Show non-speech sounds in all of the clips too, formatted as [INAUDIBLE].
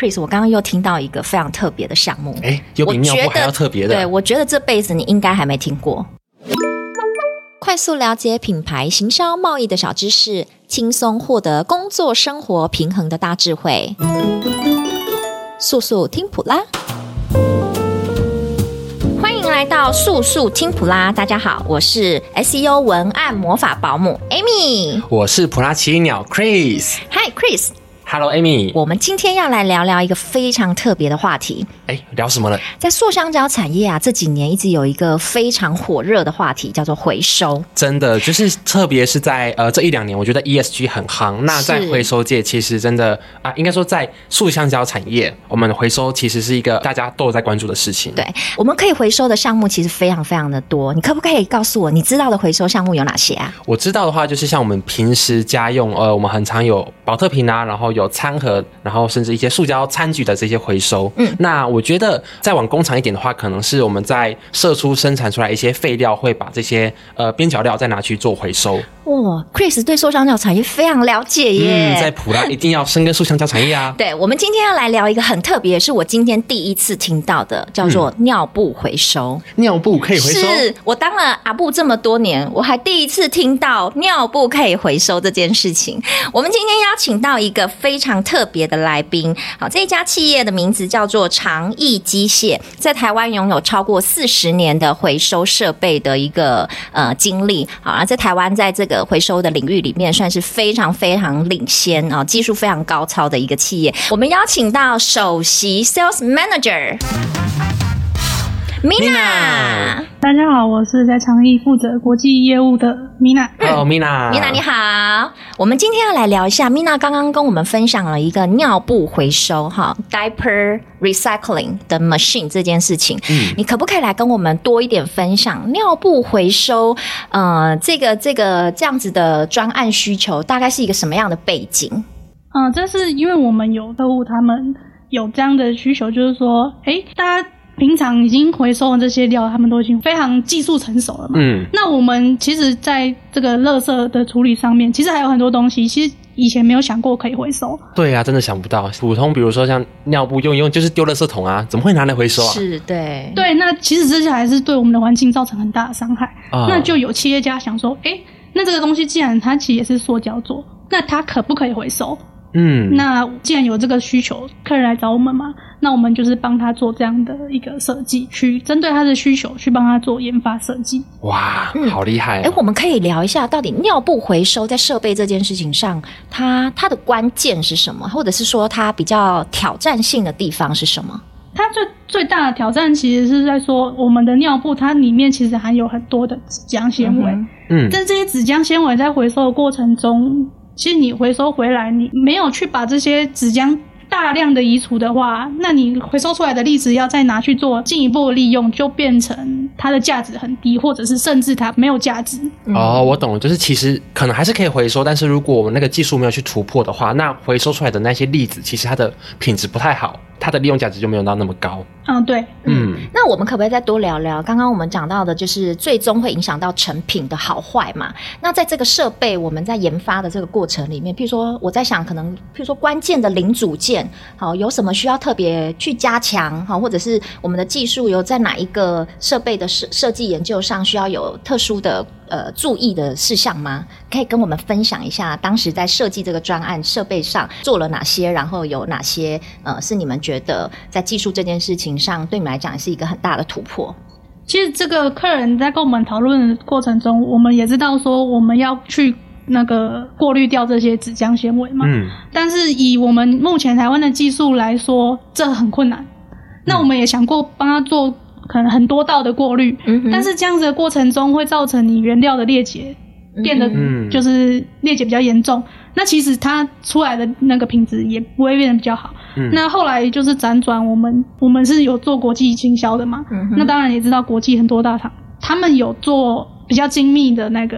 Chris 我剛剛又聽到一個非常特別的項目，哎，我覺得，對我覺得這輩子你應該還沒聽過。 [NOISE] 快速了解品牌行銷貿易的小知識，輕鬆獲得工作生活平衡的大智慧。塑塑 [NOISE] 聽普拉， [NOISE] 歡迎來到塑塑聽普拉。大家好，我是 SEO 文案魔法保姆 Amy，我是普拉奇鳥 Chris，Hi Chris。Hi, Chris Hello，Amy。我們今天要來聊聊一個非常特別的話題。哎、欸，聊什麼呢？在塑橡膠產業啊，這幾年一直有一個非常火熱的話題，叫做回收。真的，就是特別是在呃這一兩年，我覺得 ESG 很夯。那在回收界，其實真的啊，應該說在塑橡膠產業，我們回收其實是一個大家都有在關注的事情。對，我們可以回收的項目其實非常非常的多。你可不可以告訴我你知道的回收項目有哪些啊？我知道的話，就是像我們平時家用，呃，我們很常有寶特瓶啊，然後有。有餐盒，然後甚至一些塑膠餐具的這些回收，嗯，那我覺得再往工廠一點的話，可能是我們在射出生產出來一些廢料，會把這些呃邊角料再拿去做回收。哇、oh，Chris 對塑橡膠產業非常了解耶、嗯！在普拉一定要生根塑橡膠產業啊！ [LAUGHS] 對，我們今天要來聊一個很特別，是我今天第一次聽到的，叫做尿布回收。嗯、尿布可以回收。是我當了阿布這麼多年，我還第一次聽到尿布可以回收這件事情。我們今天邀請到一個非常特別的來賓，好，這一家企業的名字叫做長毅機械，在台灣擁有超過四十年的回收設備的一個呃經歷，好，而在台灣在這個。回收的領域裡面，算是非常非常領先啊，技術非常高超的一個企業。我們邀請到首席 Sales Manager。Mina，Mina 大家好，我是在長毅負責國際業務的 Mina。哦、oh，Mina，Mina、嗯、你好，我們今天要來聊一下 Mina 剛剛跟我們分享了一個尿布回收哈，diaper recycling 的 machine 這件事情。嗯，你可不可以來跟我們多一點分享尿布回收，呃，這個這個這樣子的專案需求，大概是一個什麼樣的背景？嗯，這是因為我們有客戶他們有這樣的需求，就是說，誒、欸，大家。平常已經回收的這些料，他們都已經非常技術成熟了嘛。嗯。那我們其實在這個垃圾的處理上面，其實還有很多東西，其實以前沒有想過可以回收。對啊，真的想不到。普通比如說像尿布用一用就是丟垃圾桶啊，怎麼會拿來回收啊？是對。對，那其實這些還是對我們的環境造成很大的傷害。哦。那就有企業家想說，哎、欸，那這個東西既然它其實也是塑膠做，那它可不可以回收？嗯，那既然有這個需求，客人來找我們嘛，那我們就是幫他做這樣的一個設計，去針對他的需求去幫他做研發設計。哇，好厲害哦！哎，嗯，欸，我們可以聊一下，到底尿布回收在設備這件事情上，它它的關鍵是什麼？或者是說它比較挑戰性的地方是什麼？它最最大的挑戰其實是在說，我們的尿布它裡面其實含有很多的紙漿纖維，嗯，但這些紙漿纖維在回收的過程中，其實你回收回來，你沒有去把這些紙漿大量的移除的話，那你回收出來的粒子要再拿去做進一步的利用，就變成它的價值很低，或者是甚至它沒有價值。嗯。哦，我懂了，就是其實可能還是可以回收，但是如果我們那個技術沒有去突破的話，那回收出來的那些粒子其實它的品質不太好。它的利用價值就沒有到那麼高。嗯、哦，對，嗯，那我們可不可以再多聊聊？剛剛我們講到的，就是最終會影響到成品的好壞嘛。那在這個設備我們在研發的這個過程裡面，譬如說我在想，可能譬如說關鍵的零組件，好，有什麼需要特別去加強哈，或者是我們的技術有在哪一個設備的設設計研究上需要有特殊的？呃，注意的事項嗎？可以跟我們分享一下，當時在設計這個專案設備上做了哪些，然後有哪些呃，是你們覺得在技術這件事情上，對你們來講是一個很大的突破。其實這個客人在跟我們討論的過程中，我們也知道說，我們要去那個過濾掉這些紙漿纖維嘛。嗯。但是以我們目前台灣的技術來說，這很困難。那我們也想過幫他做。可能很多道的過濾、嗯，但是這樣子的過程中會造成你原料的裂解，變得就是裂解比較嚴重，嗯。那其實它出來的那個品質也不會變得比較好。嗯，那後來就是輾轉，我們我們是有做國際經銷的嘛，嗯。那當然也知道國際很多大廠，他們有做比較精密的那個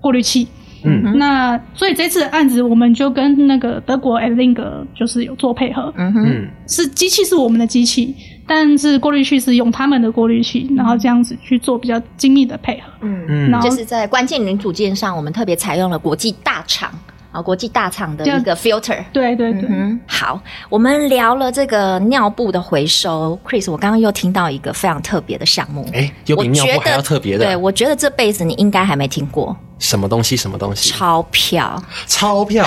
過濾器，嗯。那所以這次的案子我們就跟那個德國 Ettlinger 就是有做配合。嗯嗯，是機器是我們的機器，但是過濾器是用他們的過濾器，然後這樣子去做比較精密的配合。嗯嗯，就是在關鍵零組件上，我們特別採用了國際大廠啊，國際大廠的一個 filter。對對對、嗯。好，我們聊了這個尿布的回收。Chris，我剛剛又聽到一個非常特別的項目，哎、欸，有比尿布還要特別的。我對，我覺得這輩子你應該還沒聽過。什麼，什麼東西？什麼東西？鈔票，鈔票。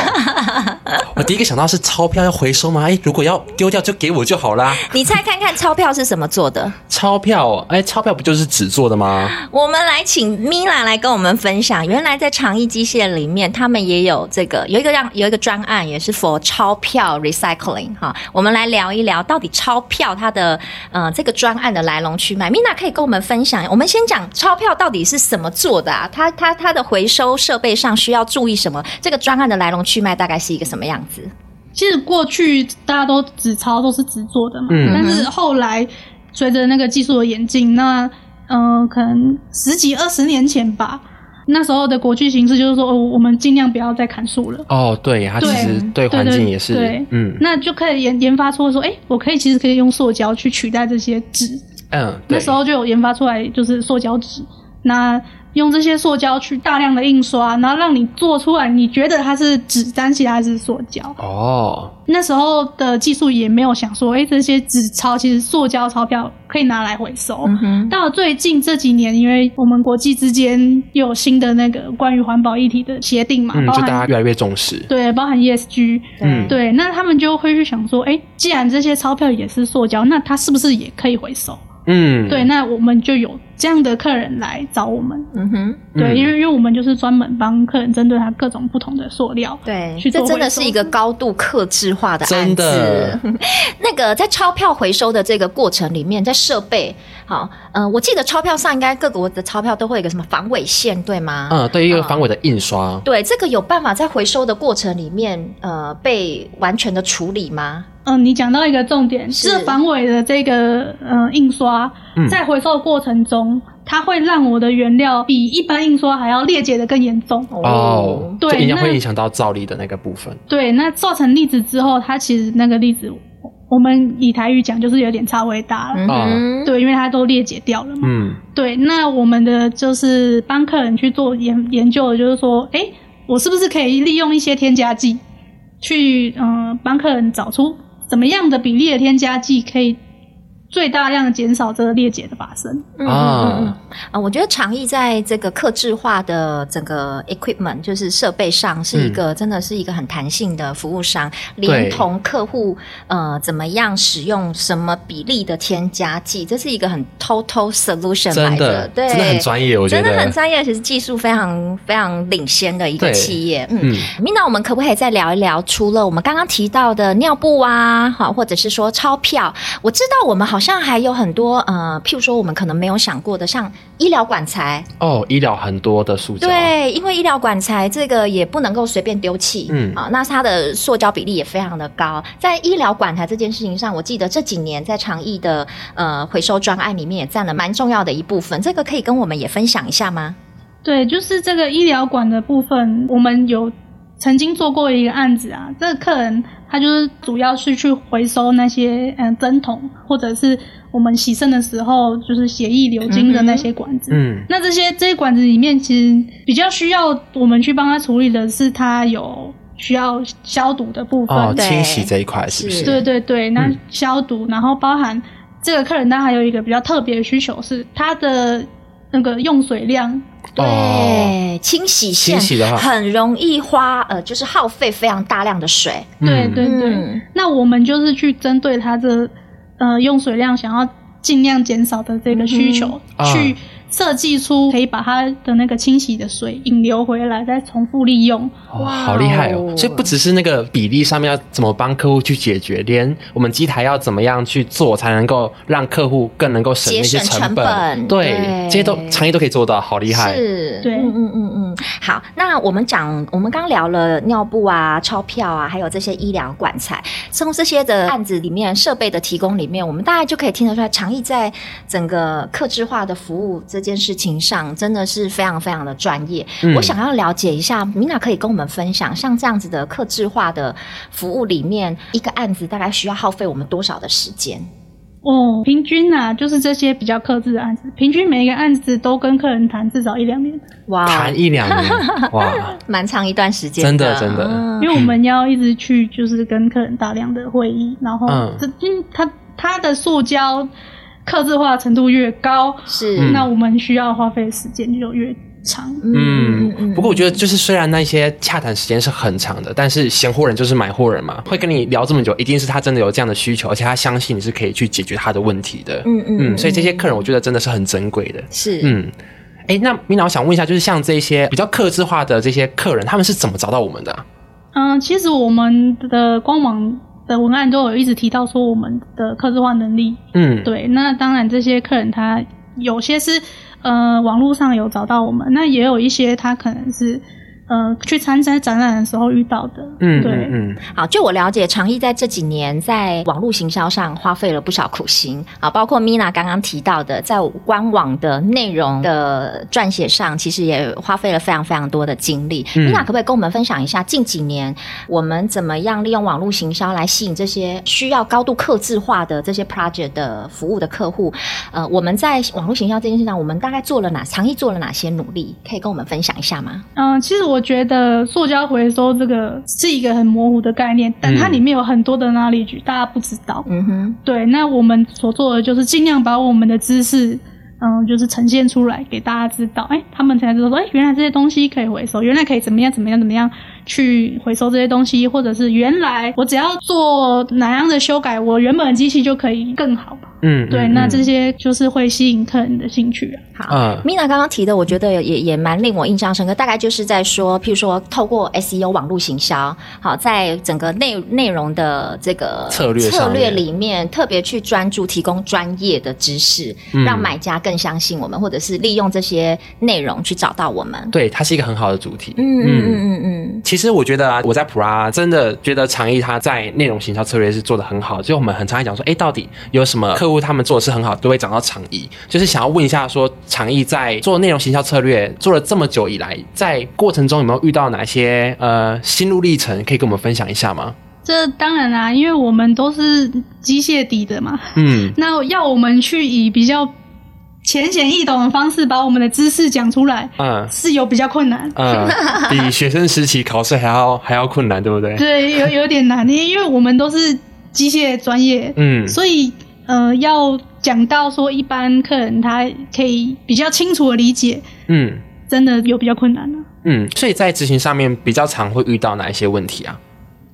我第一個想到是鈔票要回收嗎？哎、欸，如果要丟掉，就給我就好了。你猜看看鈔票是什麼做的？鈔票，哎、欸，鈔票不就是紙做的嗎？我們來請米娜來跟我們分享。原來在長毅機械裡面，他們也有這個，有一個讓有一個專案，也是 for 鈔票 recycling 哈。我們來聊一聊到底鈔票它的嗯、呃、這個專案的來龍去脈。米娜可以跟我們分享。我們先講鈔票到底是什麼做的啊？它它它的回。收設備上需要注意什麼？這個專案的來龍去脈大概是一個什麼樣子？其實過去大家都紙鈔都是紙做的嘛，嗯，但是後來隨着那個技術的演進，那呃，可能十幾二十年前吧，那時候的國際形勢就是說，哦，我們盡量不要再砍樹了。哦，對，它其實對環境也是，嗯，對，對，對，對，嗯，那就可以研研發出說，哎，欸，我可以其實可以用塑膠去取代這些紙。嗯，那時候就有研發出來，就是塑膠紙。那用這些塑膠去大量的印刷，啊，然後讓你做出來，你覺得它是紙張型還是塑膠？哦。那時候的技術也沒有想說，哎、欸，這些紙鈔其實塑膠鈔票可以拿來回收，嗯哼。到最近這幾年，因為我們國際之間又有新的那個關於環保議題的協定嘛，嗯，就大家越來越重視，對，包含 ESG，嗯，對，那他們就會去想說，哎、欸，既然這些鈔票也是塑膠，那它是不是也可以回收？嗯，對，那我們就有。這樣的客人來找我們，嗯哼，對，因、嗯、為因為我們就是專門幫客人針對他各種不同的塑料。對，對，這真的是一個高度客製化的案子。真的 [LAUGHS] 那個在鈔票回收的這個過程裡面，在設備，好，呃，我記得鈔票上應該各國的鈔票都會有一個什麼防偽線，對嗎？嗯，對，一個防偽的印刷、呃。對，這個有辦法在回收的過程裡面，呃，被完全的處理嗎？嗯，你講到一個重點，是防偽的這個嗯、呃、印刷，在回收的過程中、嗯，它會讓我的原料比一般印刷還要裂解得更嚴重哦。Oh, 對，影、嗯、會影響到造粒的那個部分。對，那造成粒子之後，它其實那個粒子，我們以台語講就是有點差微大了、嗯。對，因為它都裂解掉了嘛。嗯。對，那我們的就是幫客人去做研研究的，就是說，哎、欸，我是不是可以利用一些添加劑，去嗯幫客人找出。怎麼樣的比例的添加劑可以？最大量減少這個裂解的發生。啊、嗯嗯嗯，嗯啊，我覺得長毅在這個客製化的整個 equipment，就是設備上，是一個、嗯、真的是一個很彈性的服務商，連同客戶呃，怎麼樣使用什麼比例的添加劑，這是一個很 total solution 來的，的對，真的很專業，我覺得真的很專業，其實技術非常非常領先的一個企業。嗯，Mi、嗯、na，我們可不可以再聊一聊？除了我們剛剛提到的尿布啊，好，或者是說鈔票，我知道我們好。好像還有很多呃，譬如說我們可能沒有想過的，像醫療管材哦，oh, 醫療很多的塑膠，對，因為醫療管材這個也不能夠隨便丟棄，嗯啊、呃，那它的塑膠比例也非常的高。在醫療管材這件事情上，我記得這幾年在長毅的呃回收專案裡面也佔了蠻重要的一部分，這個可以跟我們也分享一下嗎？對，就是這個醫療管的部分，我們有。曾經做過一個案子啊，這個客人他就是主要是去回收那些嗯針筒，或者是我們洗腎的時候就是血液流經的那些管子。嗯，嗯那這些這些管子裡面其實比較需要我們去幫他處理的是，他有需要消毒的部分，哦、清洗，這一塊是不是？是。對對對，那消毒，嗯、然後包含這個客人他還有一個比較特別的需求，是他的那個用水量。對、哦，清洗線清洗的話很容易花呃，就是耗費非常大量的水，嗯。對對對，那我們就是去針對它的呃用水量，想要盡量減少的這個需求、嗯、去。啊設計出可以把它的那個清洗的水引流回來，再重複利用。哇、oh, wow，好厲害哦！所以不只是那個比例上面要怎麼幫客戶去解決，連我們機台要怎麼樣去做才能夠讓客戶更能夠省那些成本，成本對,對，這些都長毅都可以做到，好厲害，是，對，嗯嗯嗯。嗯好，那我們講，我們剛聊了尿布啊、鈔票啊，還有這些醫療管材。從這些的案子裡面，設備的提供裡面，我們大概就可以聽得出來，長毅在整個客制化的服務這件事情上，真的是非常非常的專業。嗯。我想要了解一下，米娜可以跟我們分享，像這樣子的客制化的服務裡面，一個案子大概需要耗費我們多少的時間？哦，平均啊，就是這些比較客製的案子，平均每一個案子都跟客人談至少一兩年。哇，談一兩年， [LAUGHS] 哇，蠻長一段時間。真的，真的、哦，因為我們要一直去，就是跟客人大量的會議，然後這，嗯，他他的塑膠客製化程度越高，是，嗯、那我們需要花費的時間就越。嗯，嗯，不過我覺得就是雖然那些洽談時間是很長的，嗯、但是嫌貨人就是買貨人嘛，會跟你聊這麼久，一定是他真的有這樣的需求，而且他相信你是可以去解決他的問題的。嗯嗯，嗯，所以這些客人我覺得真的是很珍貴的。是嗯，哎、欸，那米娜我想問一下，就是像這些比較客制化的這些客人，他們是怎麼找到我們的啊？嗯，其實我們的官網的文案都有一直提到說我們的客制化能力。嗯，對，那當然這些客人他有些是。呃，網絡上有找到我們，那也有一些他可能是。呃，去參加展覽的時候遇到的，嗯，對，嗯，好，據我了解，長毅在這幾年在網絡行銷上花費了不少苦心啊，包括 Mina 剛剛提到的，在官網的內容的撰寫上，其實也花費了非常非常多的精力。嗯，Mina 可不可以跟我們分享一下，近幾年我們怎麼樣利用網絡行銷來吸引這些需要高度客製化的這些 project 的服務的客戶？呃，我們在網絡行銷這件事情上，我們大概做了哪長毅做了哪些努力，可以跟我們分享一下嗎？嗯，其實我。我覺得塑膠回收這個是一個很模糊的概念，但它裡面有很多的 knowledge，嗯，大家不知道。嗯哼，對。那我們所做的就是儘量把我們的知識。嗯，就是呈現出來給大家知道，哎、欸，他們才知道說，哎、欸，原來這些東西可以回收，原來可以怎麼樣怎麼樣怎麼樣去回收這些東西，或者是原來我只要做哪樣的修改，我原本的機器就可以更好。嗯，對，那這些就是會吸引客人的興趣、啊嗯、好、uh,，Mina 剛剛提的，我覺得也也蠻令我印象深刻，大概就是在說，譬如說，透過 SEO 網絡行銷，好，在整個內內容的這個策略策略裡面，面特別去專注提供專業的知識，嗯、讓買家。更相信我們，或者是利用這些內容去找到我們，對，它是一個很好的主題。嗯嗯嗯嗯嗯。其實我覺得啊，我在普拉真的覺得長毅他在內容行銷策略是做的很好。就我們很常常講說，哎、欸，到底有什麼客戶他們做的是很好，都會講到長毅。就是想要問一下說，說長毅在做內容行銷策略做了這麼久以來，在過程中有沒有遇到哪些呃心路歷程，可以跟我們分享一下嗎？這當然啦、啊，因為我們都是機械底的嘛。嗯，那要我們去以比較。淺顯易懂的方式把我們的知識講出來，嗯，是有比較困難，嗯， [LAUGHS] 比學生時期考試還要還要困難，對不對？對，有有點難，因為我們都是機械專業，嗯，所以呃，要講到說一般客人他可以比較清楚的理解，嗯，真的有比較困難啊，嗯，所以在執行上面比較常會遇到哪一些問題啊？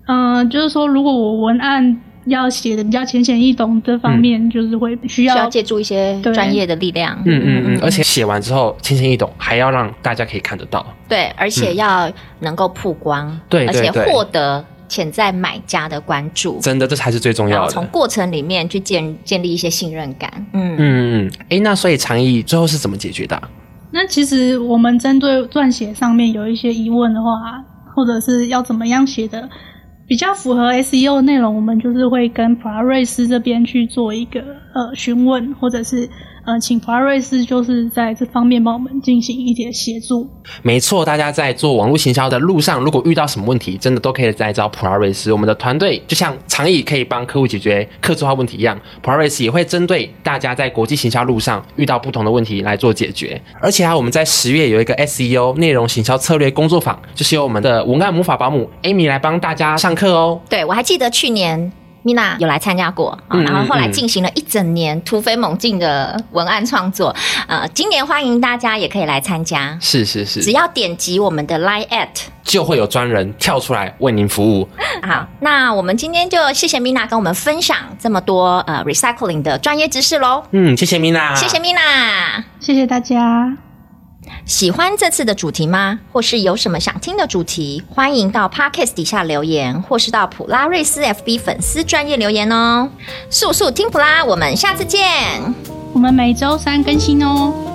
嗯，就是說如果我文案。要寫的比較淺顯易懂，這方面就是會需要，嗯、需要借助一些專業的力量。嗯嗯嗯，而且寫完之後淺顯易懂，還要讓大家可以看得到。對，而且、嗯、要能夠曝光，對，對而且獲得潛在買家的關注。真的，這才是最重要的。從過程裡面去建建立一些信任感。嗯嗯嗯。哎、欸，那所以長毅最後是怎麼解決的、啊？那其實我們針對撰寫上面有一些疑問的話，或者是要怎麼樣寫的？比較符合 SEO 的內容，我們就是會跟普拉瑞斯這邊去做一個呃詢問，或者是。嗯、呃，請普拉瑞斯就是在這方面幫我們進行一點協助。沒錯，大家在做網絡行銷的路上，如果遇到什麼問題，真的都可以在找普拉瑞斯。我們的團隊就像長毅可以幫客戶解決客製化問題一樣，普拉瑞斯也會針對大家在國際行銷路上遇到不同的問題來做解決。而且啊，我們在十月有一個 SEO 內容行銷策略工作坊，就是由我們的文案魔法保姆 Amy 來幫大家上課哦。對，我還記得去年。米娜有來參加過、嗯哦，然後後來進行了一整年突飛猛進的文案創作、嗯嗯。呃，今年歡迎大家也可以來參加，是是是，只要點擊我們的 Line@，就會有專人跳出來為您服務、嗯。好，那我們今天就謝謝米娜跟我們分享這麼多呃 recycling 的專業知識嘍。嗯，謝謝米娜，謝謝米娜，謝謝大家。喜歡這次的主題嗎？或是有什麼想聽的主題？歡迎到 podcast 底下留言，或是到普拉瑞斯 FB 粉絲專頁留言哦。塑塑聽普拉，我們下次見。我們每週三更新哦。